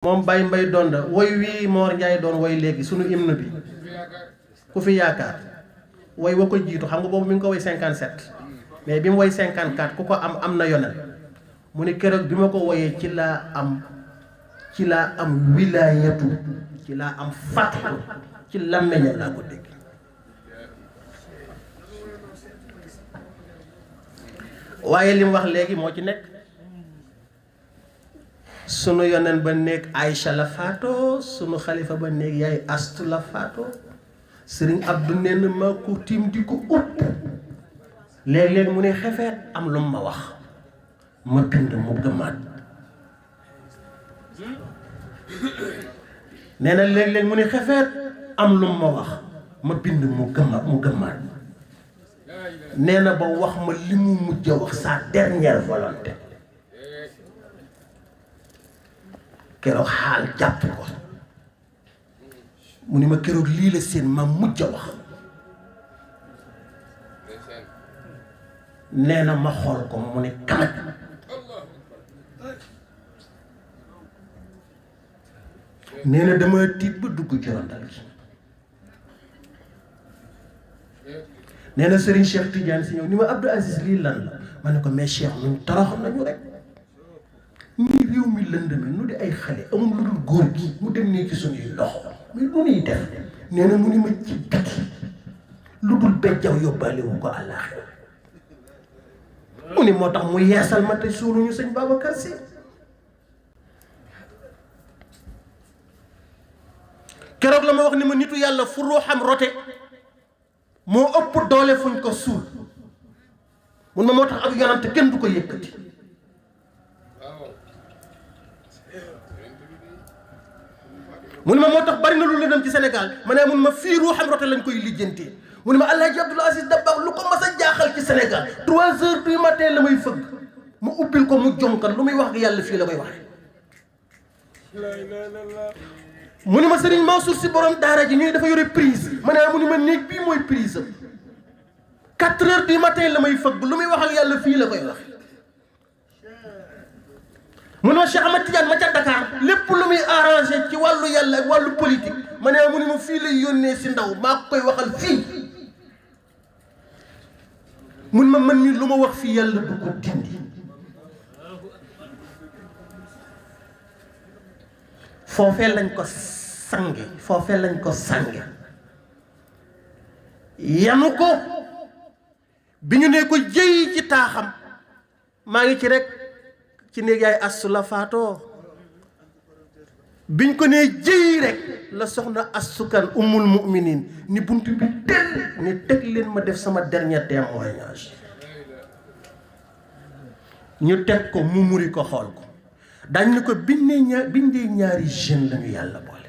moom Baye mbay Donda woy wii Mor Ndiaye doon woy léegi sunu hymne bi ku fi yaakaar woy wa ko jiitu xam nga boobu mi ngi ko woy 57 mais bi mu woy 54 ku ko am am na yonel mu ni keroog bi ma ko woyee ci laa am ci laa am wilaayatu ci laa am fàttu ci làmmeñam laa ko dégg waaye li wax léegi moo ci nekk sunu yoneen ba néeg Aïcha la faatoo sunu xalifa ba néeg yaay astu la faatoo sëriñ Abdu nenn maa ko tiim di ko upp léeg-léeg mu ne xefeet am lu ma wax ma bind mu gëmaat nee na léeg-léeg am lu ma wax ma bind mu gëma mu gëmaat nee na ba wax ma li mu mujj wax sa dernière volonté keroog xaal jàpp ko mu ni ma keroog lii la seen ma mujj a wax nee na ma xool ko mu ne kamat nee na dama tiit ba dugg ci gi nee na Serigne Cheikh Tidiane si ñëw ni ma Abdou Aziz lii lan la ma ne ko mais Cheikh ñun torox nañu rek ñii réew mi lëndame nu di ay xale amul lu dul góor gi mu dem ne ci suñuy loxo mais lu nuy def nee na mu ni ma ci biti lu dul bejjaw yóbbaale wu ko àllaaxira mu ni moo tax mu yeesal ma te suuluñu sëñ Babacar Si keroog la ma wax ni ma nitu yàlla fu ruuxam rote moo ëpp doole fuñ ko suul mun ma moo tax ak yonante kenn du ko yëkkati mu ne ma motax bari na lu lëndëm ci Sénégal ma ne mun ma fi ruham rote lañ koy lidjenté mu ne ma allah Hadj Aziz dabba lu ko massa jaxal ci Sénégal 3 heures du matin lamay feug mu uppil ko mu jonkan lu muy wax ak yàlla fi la may wax mu ne ma Serigne Mansour ci borom dara ji ñuy dafa yore prise mané ne mu ne ma néeg bi moy prise 4 quatre heures du matin lamay feug lu muy wax ak yàlla fi la koy wax mu ne Cheikh Ahmed Tidiane ma ca Dakar lépp lu muy arrangé ci wàllu yàlla wàllu politique ma ne mu ne ma fii lay yónnee si ndaw maa koy waxal fii mun ma man mi lu ma wax fii yàlla du ko dindi foofee lañ ko sange foofee lañ ko sange yanu ko bi ñu ne ko jëyi ci taaxam maa ngi ci rek ci néeg yaay assu la faatoo biñ ko nee jëy rek la soxna assukan ummul muminin ni bunt bi tël ni teg leen ma def sama dernier témoignage ñu teg ko mu muri ko xool ko dañ ni ko biñ ne ñaar ñaari jeune lañu yàlla boole